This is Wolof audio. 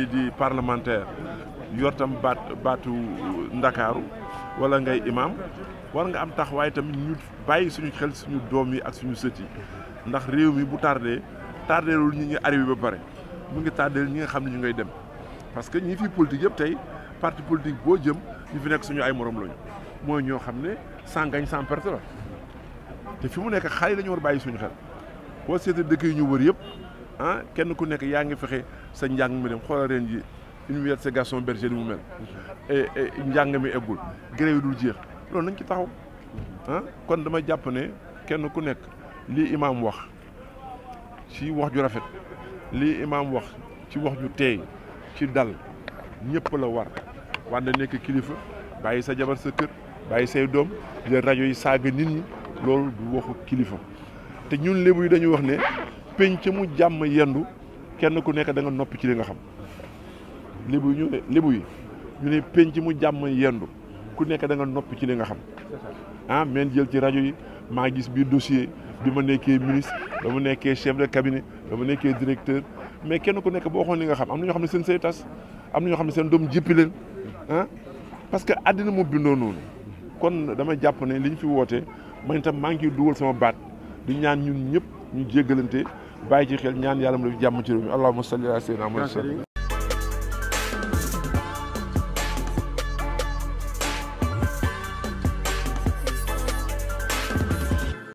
yii di parlementaire yor tam baat baatu ndakaaru wala ngay imam war nga am tax waaye tamit ñu bàyyi suñu xel suñu doom yi ak suñu sët yi ndax réew mi bu tardé tardeelul ñi ñu arrivé ba pare mu ngi tardeel ñi nga xam ne ñu ngay dem parce que ñi fi politique yëpp tey parti politique boo jëm ñu fi nekk suñu ay moroom lañu mooy ñoo xam ne sans gagne sans perte la te fi mu nekk xale yi dañu bàyyi suñu xel boo seetee dëkk yi ñu wër yëpp. ah kenn ku nekk yaa ngi fexe sa njàng mi dem xoolal ren ji université Gaston Berger di mu mel e, e, njàng mi eggul gré yi dul jeex loolu nañ ci taxaw ah kon dama jàpp ne kenn ku nekk lii imaam wax ci wax ju rafet lii imaam wax ci wax ju teey ci dal ñëpp la war wante nekk kilifa bàyyi sa jabar sa kër bàyyi say doom jël rajo yi saaga nit ñi loolu du waxu kilifa te ñun lébu yi dañuy wax ne penc mu jàmm yendu kenn ku nekk da nga ci li nga xam libu ñu ne libu yi ñu penc mu jàmm yendu ku nekk da nga ci li nga xam ah men jël ci rajo yi maa gis biir dossier bi ma nekkee ministre ba ma nekkee chef de cabinet ba ma nekkee directeur mais kenn ku nekk boo xoon li nga xam am na ñoo xam ne seen say am na ñoo xam ne seen doom jippi ah parce que àddina mu bindoo noonu kon dama jàpp ne li ñu fi woote man itam maa ngi dugal sama baat di ñaan ñun ñëpp ñu jéggalante bàyyi ci xel ñaan yàlla mu def jàmm ci réew mi allahumma salli ala sayyidina Muhammad